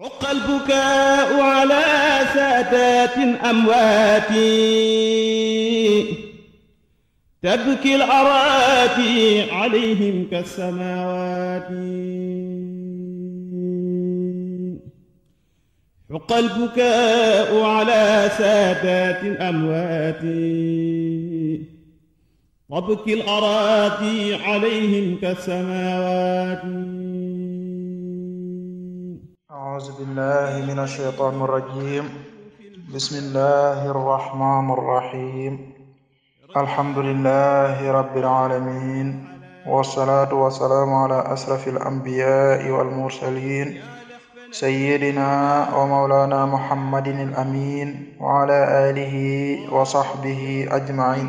حق البكاء على سادات أمواتي تبكي الأراتي عليهم كالسماوات حق البكاء على سادات أمواتي تبكي الأراتي عليهم كالسماوات أعوذ بالله من الشيطان الرجيم بسم الله الرحمن الرحيم الحمد لله رب العالمين والصلاة والسلام على أشرف الأنبياء والمرسلين سيدنا ومولانا محمد الأمين وعلى آله وصحبه أجمعين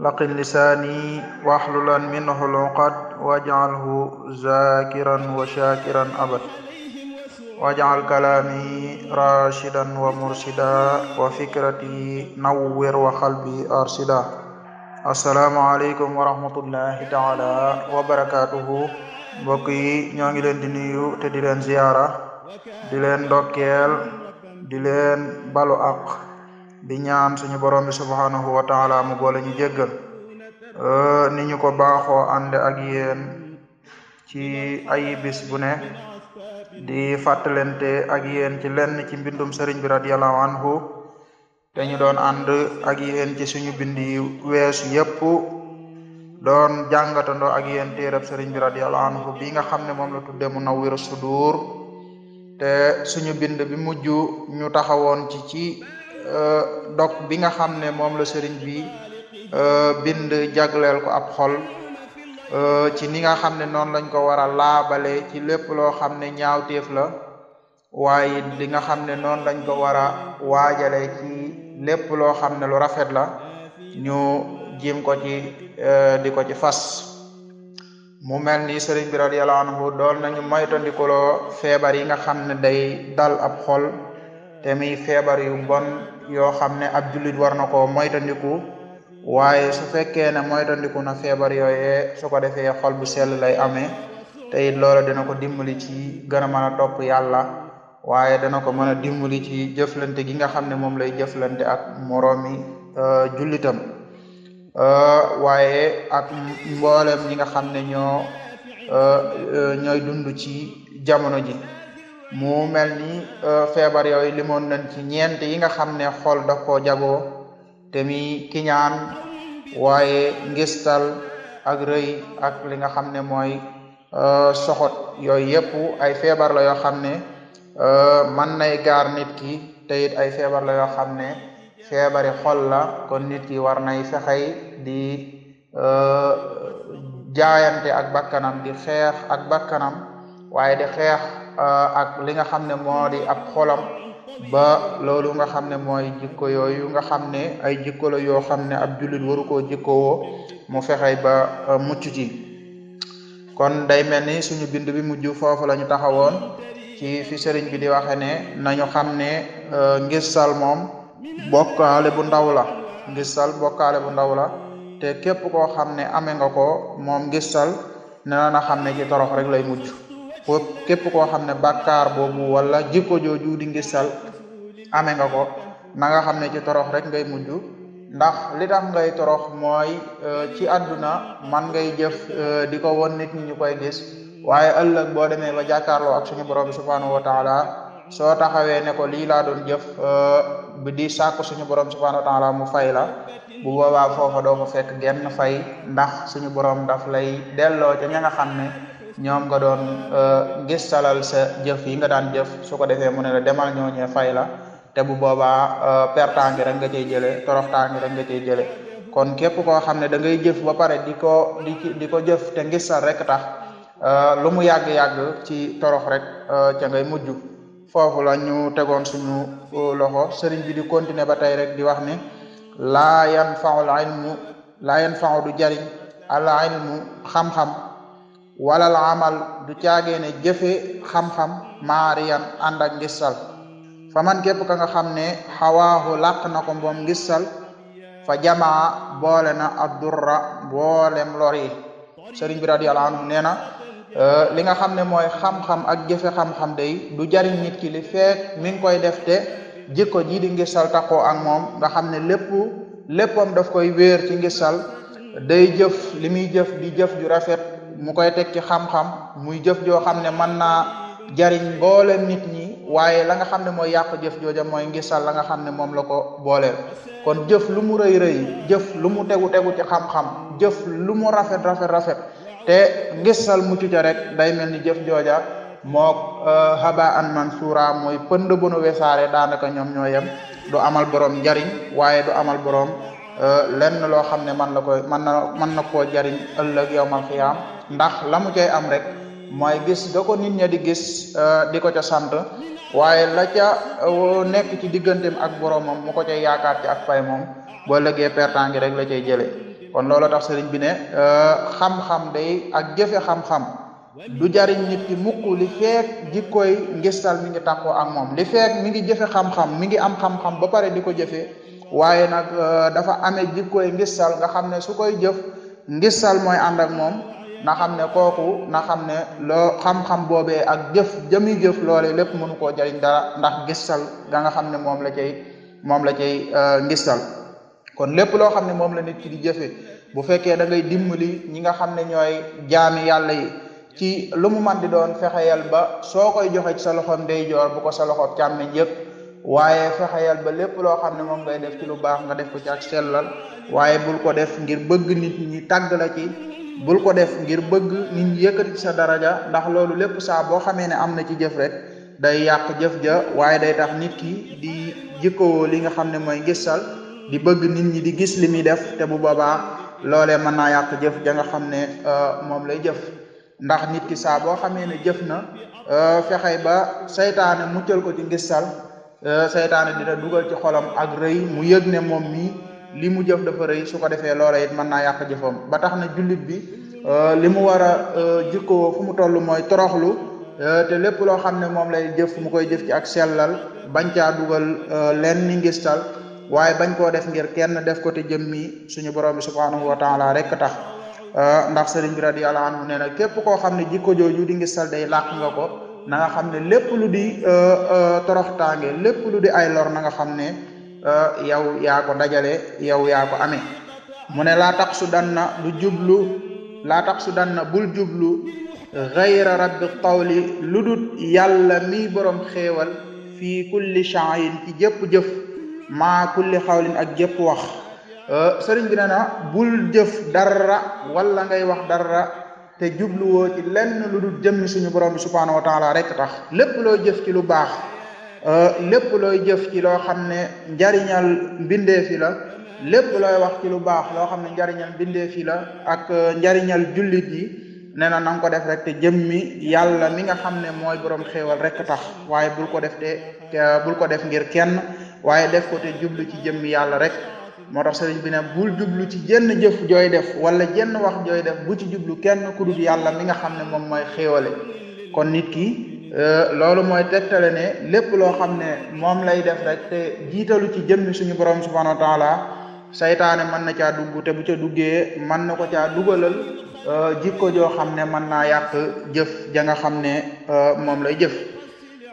لقن لساني واحلل منه العقد واجعله ذاكرا وشاكرا أبدا waj'al kalaami rashidan wa murshida wa fikrati nawwir wa qalbi arshida assalaamu aleykum wa rahmatullahi taala wa barakaatuhu mbokk yi ñoo ngi leen di nuyu te di leen ziyaara di leen ndokkeel di leen balu aq di ñaan suñu borom bi subhaanahu wa taala mu boole ñu jéggal ni ñu ko baaxoo ànd ak ci ay bu ne di fàttalente ak yéen ci lenn ci mbindum sëriñ bi radiyallahu anhu te ñu doon ànd ak yéen ci suñu bind yi weesu yépp doon jàngatandoo ak yéen téerab sëriñ bi radiyallahu anhu bi nga xam ne moom la tudde Munawwiru Sudur te suñu bind bi mujj ñu taxawoon ci ci e, dog bi nga xam ne moom la sëriñ bi e, bind jagleel ko ab xol Euh, ci ni nga xam ne noonu lañ ko war a laabale ci lépp loo xam ne ñaaw ñaawteef la waaye li nga xam ne noonu lañ ko war a waajale ci lépp loo xam ne lu rafet la ñu jim ko ci euh, di ko ci fas mu mel ni sëriñ bi radiyallahu anhu doon nañu moytandikuloo feebar yi nga xam ne day dal ab xol te mi feebar yu bon yoo xam ne ab jullit war na koo moytandiku waaye su fekkee ne moytandiku na feebar yooyee su ko defee xol bu sell lay amee tey it loola dina ko dimbali ci gën a mën a topp yàlla waaye dana ko mën a dimbali ci jëflante gi nga xam ne moom lay jëflante ak moroomi euh, jullitam euh, waaye ak mboolem ñi nga xam ne ñoo euh, ñooy dund ci jamono ji mu mel ni feebar yooyu limoon nañ ci ñeent yi nga xam ne xol da koo jagoo te mi kiñaan waaye ngistal ak rëy ak li nga xam ne mooy euh, soxot yooyu yëpp ay feebar la yoo xam ne euh, mën nay gaar nit ki te it ay feebar la yoo xam ne feebari xol la kon nit ki war nay fexey di euh, jaayante ak bakkanam di xeex ak bakkanam waaye di xeex ak li nga xam ne moo di ab xolam ba loolu nga xam ne mooy jikko yooyu nga xam ne ay jikko la yoo xam ne ab julit waru koo jikkowoo mu fexey ba mucc ci kon day mel ni suñu bind bi mujj foofu la ñu taxawoon ci fi sëriñ bi di waxe ne nañu xam ne e, ngissal moom bokkaale bu ndaw la ngissal bokkaale bu ndaw la te képp koo xam ne ame nga ko moom ngissal nee na xam ne ci torox rek lay mujj képp koo xam ne bàkkaar boobu wala jikko jooju di ngisal amee nga ko na nga xam ne ci torox rek ngay mujj ndax li tax ngay torox mooy euh, ci àdduna man ngay jëf euh, di ko won nit ñi ñu koy gis waaye ëllëg boo demee ba jàkkaarloo ak suñu borom bi subhanahu wa taala soo taxawee ne ko lii laa doon jëf bi euh, di sàkk suñu borom subhanahu wa taala mu fay la bu boobaa foofa doo ko fekk genn fay ndax suñu borom daf lay delloo ca nga xam ñoom nga doon euh, gis salal sa jëf yi nga daan jëf su ko defee mu ne la demal ñooñee fay la te bu boobaa euh, pertangi rek nga cey jële toroxtangi rek nga cey jële kon képp koo xam ne dangay jëf ba pare di ko di di ko jëf te ngisal rek tax euh, lu mu yàgg-yàgg ci torox rek ca ngay mujj foofu ñu tegoon suñu loxo sëriñ bi di continuer ba tey rek di wax ne laa yanfa'u al ilmu du jariñ al ilmu xam-xam wala la amal du caagee ne jëfe xam-xam maariyan ànd ak ngissal fa man képp ka nga xam ne xawaahu làq na ko mboom ngissal fa jamaa boole na addurra boolem lor yi sëriñ bi radiyallahu anhu nee na euh, li nga xam ne mooy xam-xam ak jëfe xam-xam day du jariñ nit ki feek mi ngi koy def te jikko jii di ngissal ko ak moom nga xam ne lépp léppam daf koy wéer ci ngissal day jëf li muy jëf di jëf ju rafet mu koy teg ci xam-xam muy jëf joo xam ne man naa jariñ mboolem nit ñi waaye la nga xam ne mooy yàq jëf jooja mooy ngissal la nga xam ne moom la ko booleel kon jëf lu mu rëy rëy jëf lu mu tegu tegu ci xam-xam jëf lu mu rafet rafet rafet te ngisal mucc ca rek day mel ni jëf jooja mook xaba euh, an mansura mooy pënd bu nu wesaare daanaka ñoom ñoo yem du amal borom njariñ waaye du amal borom. Euh, lenn loo xam ne man la koy man na mën na koo jariñ ëllëg yowmal xiyaam ndax la mu am rek mooy gis da ko nit ña di gis euh, di ko ca sant waaye la ca euh, nekk ci diggante ak boromam mu ko cay yaakaar ci ak pay moom boo lëggee pertan rek la cay jële kon loolo tax sëriñ bi ne xam-xam day ak jëfe xam-xam du jariñ nit ki mukk li feek koy ngistal mi ngi tàqoo ak moom li feek mi ngi jëfe xam-xam mi ngi am xam-xam ba pare di ko jëfee waaye nag euh, dafa amee jikkooy ngisal nga xam ne su koy jëf ngistal mooy ànd moom na xam ne kooku na xam ne loo xam-xam boobee ak jëf jëmi jëf loole lépp mënu koo jariñ dara ndax ngisal ga nga xam ne moom la cay moom la cay euh, ngisal kon lépp loo xam ne moom la nit ki di jëfe bu fekkee da ngay dimbali ñi nga xam ne ñooy jaami yàlla yi ci lu mu man di doon fexeyal ba soo koy joxe ci sa loxoom day joor bu ko sa loxoom càmmeñ yëpp waaye fexeyal ba lépp loo xam ne moom ngay def ci lu baax nga def ko ci ak sellal waaye bul ko def ngir bëgg nit ñi tàgg la ci bul ko def ngir bëgg nit ñi ci sa daraja ndax loolu lépp saa boo xamee ne am na ci jëf rek day yàq jëf ja waaye day tax nit ki di jikkowoo li nga xam ne mooy gisal di bëgg nit ñi di gis li muy def te bu boobaa loole mën naa yàq jëf ja nga xam ne euh, moom lay jëf ndax nit ki saa boo xamee ne jëf na euh, fexey ba seytaane muccal ko ci gisal Euh, seytaane dina dugal ci xolam ak rëy mu yëg ne moom mii li mu jëf dafa rëy su ko defee loola it mën naa yàq jëfam ba tax na jullit bi euh, li mu war a euh, jikkoo fu mu toll mooy toroxlu te lépp loo xam ne moom lay jëf mu koy jëf ci ak sellal bañ caa dugal lenn ni ngistal waaye bañ koo def ngir kenn def ko te jëm mi suñu borom bi subhanahu wa taala rek tax ndax seriñ bi radiyallahu anhu nee na képp koo xam ne jikko jooju di ngistal day làq nga ko na nga xam ne lépp lu di euh, euh, toroxtaange lépp lu di ay lor na xam ne euh, yow yaa ko dajale yow yaa ame amee mu ne laa tax su dan na lu jublu laa tax su dan na bul jublu xayra rabbi tawli lu dut yàlla mi borom xéewal fii kulli shaayin ci jëpp jëf maa kulli xawlin ak jëpp wax sëriñ bi bul jëf dara wala ngay wax dara te jubluwoo ci lenn lu dul jëmmi suñu borom bi subhaanahu wa taala rek tax lépp looy jëf ci lu baax euh, lépp looy jëf ci loo xam ne njariñal mbindeef yi la lépp looy wax ci lu baax loo xam ne njariñal mbindeef yi la ak euh, njariñal jullit yi nee na nanga ko def rek te jëmmi yàlla mi nga xam ne mooy borom xéewal rek tax waaye bul ko def de euh, bul ko def ngir kenn waaye def ko te jublu ci jëmmi yàlla rek moo tax sëriñ bi ne bul jublu ci jenn jëf jooy def wala jenn wax jooy def bu ci jublu kenn ku dul yàlla mi nga xam ne moom mooy xéewale kon nit ki euh, loolu mooy tegtale ne lépp loo xam ne moom lay def rek te jiitalu ci jëmmi suñu borom subhanahu wa taala saytaane mën na caa dugg te bu ca duggee mën na ko caa dugalal euh, jikko joo xam ne mën naa yàq jëf janga xam ne euh, moom lay jëf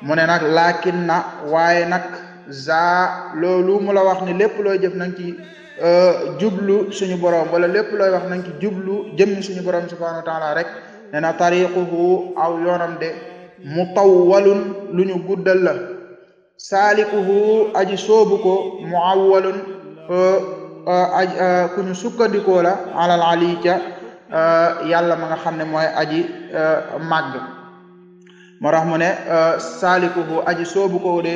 mu ne nag laakin na waaye nag za loolu mu la wax ne lépp looy jëf na nga ci euh, jublu suñu borom wala lépp looy wax na nga jublu jëmmi suñu borom subhanahu wa taala rek nee na tariquhu aw yoonam taw mutawwalun lu ñu guddal la saalikuhu aji soobu ko muawwalun euh, euh, aj ku ñu sukkandikoo la alal ali ca yàlla ma nga xam ne mooy aji màgg moo tax mu ne saalikuhu aji soobu ko de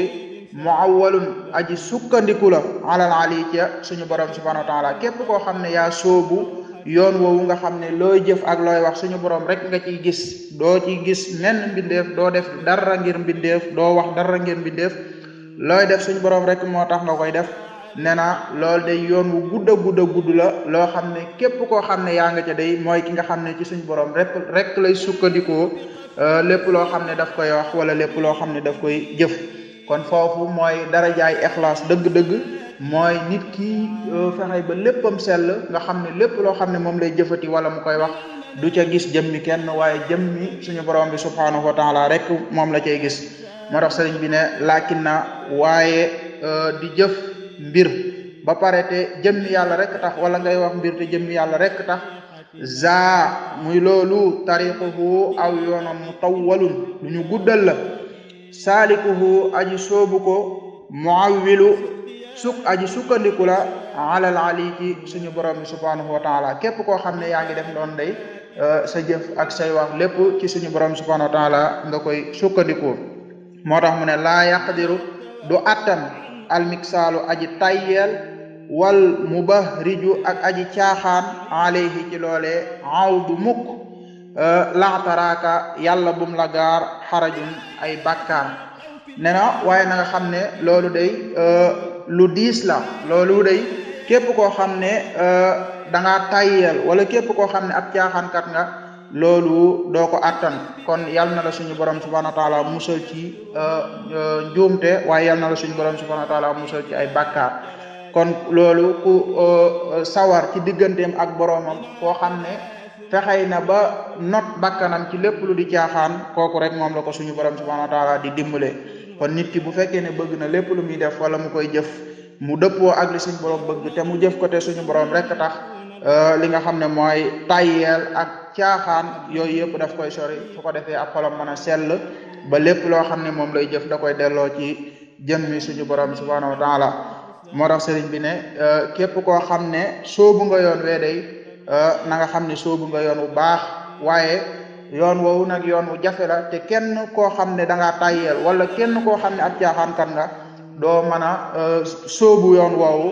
mu muawwalun aji sukkandiku la alal ali ca suñu borom subhanahu wa taala képp koo xam ne yaa soobu yoon woowu nga xam ne looy jëf ak looy wax suñu borom rek nga ciy gis doo ci gis nenn mbindeef doo def dara ngir mbindeef doo wax dara ngir mbindeef looy def suñu borom rek moo tax nga koy def nee na loolu day yoon wu gudd a gudd la loo xam ne képp koo xam ne yaa nga ca day mooy ki nga xam ne ci suñu borom rek rek lay sukkandikoo euh, lépp loo xam ne daf koy wax wala lépp loo xam ne daf koy jëf. kon foofu mooy dara jaay ixlaas dëgg-dëgg mooy nit ki euh, fexe ba léppam sell nga xam ne lépp loo xam ne moom lay jëfati wala mu koy wax du ca gis jëmmi kenn waaye jëmmi suñu borom bi subhaanahu wa taala rek moom la cay gis moo tax sëriñ bi ne laakin na waaye euh, di jëf mbir ba pare te jëmmi yàlla rek tax wala ngay wax mbir te jëmmi yàlla rek tax za muy loolu tariquhu aw yoonam mu tawwalun lu ñu guddal la saalikuhu aji soobu ko muawwilu suk aji sukkandiku la alal ali ci suñu borom bi subhanahu wa taala képp koo xam ne yaa ngi def loon day euh, sa jëf ak say wax lépp ci suñu borom bi subhanahu wa taala nga koy sukkandiku moo tax mu ne laa yaqdiru du attan almiksaalu aji tayyeel wal mubahriju ak aji caaxaan alayhi ci aw du mukk Euh, laxataraaka yàlla bum la gaar xarajun ay bàkkaar ne na waaye na nga xam ne loolu day euh, lu diis la loolu day képp koo xam ne euh, da ngaa tayyal wala képp koo xam ne ab caaxaankat nga loolu doo attan kon yal na la suñu borom subhanahu wa taala musal ci njuumte waaye yal na la suñu borom subhanahu wa taala musal ci ay bàkkaar kon loolu ku sawar ci diggantem ak boromam koo xam fexey na ba not bakkanam ci lépp lu di caaxaan kooku rek moom la ko suñu borom subhanahu wa taala di dimbale kon nit ki bu fekkee ne bëgg na lépp lu muy def wala mu koy jëf mu dëppoo ak li suñu borom te mu jëf ko suñu borom rek tax euh, li nga xam ne mooy tayyeel ak caaxaan yooyu yëpp daf koy sori su ko defee ak xolam mën a sell ba lépp loo xam ne moom lay jëf da koy delloo ci jëmmi suñu borom subhanahu wa taala moo tax bi ne euh, képp koo xam ne soobu nga yoon wee day Euh, na nga xam ne soobu nga yoon wu baax waaye yoon woowu nag yoon wu jafe la te kenn koo xam ne danga ngaa wala kenn koo xam ne at ab caaxaankat nga doo mën a euh, soobu yoon woowu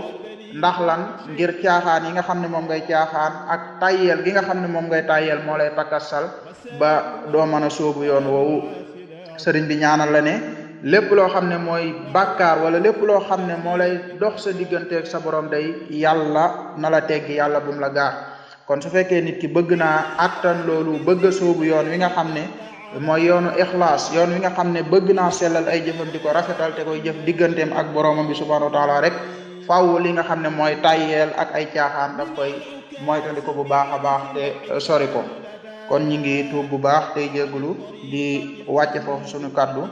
ndax lan ngir caaxaan yi nga xam ne moom ngay caaxaan ak tàyyeel gi nga xam ne moom ngay tàyyeel moo lay takkasal ba doo mën a soobu yoon woowu sëriñ bi ñaanal la ne lépp loo xam ne mooy bàkkaar wala lépp loo xam ne moo lay sa digganteeg sa borom day yàlla nala la teggi yàlla bum la gaar kon su fekkee nit ki bëgg naa attan loolu bëgg a yoon wi nga xam ne mooy yoonu ixlaas yoon wi nga xam ne bëgg naa selal ay jëfam di ko rafetal te koy jëf digganteem ak boroomam bi subhanahu wa taala rek faw li nga xam ne mooy tayyeel ak ay caaxaan daf koy moytandi ko bu baax a baax te uh, sori kon ñi ngi tuub bu baax tey jéggulu di wàcce foofu suñu kaddu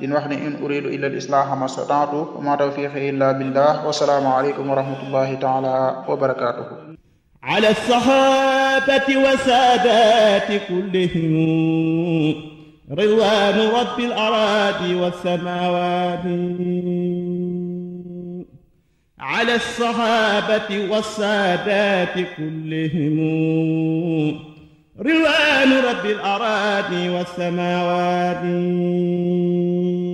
din wax ne in uridu illa al islaaha mastata'tu ma tawfiqi illa billah wasalaamu aleykum wa rahmatullahi taala wa barakatuhu على الصحابة وسادات كلهم رضوان رب الأراضي والسماوات على الصحابة والسادات كلهم رضوان رب الأراضي والسماوات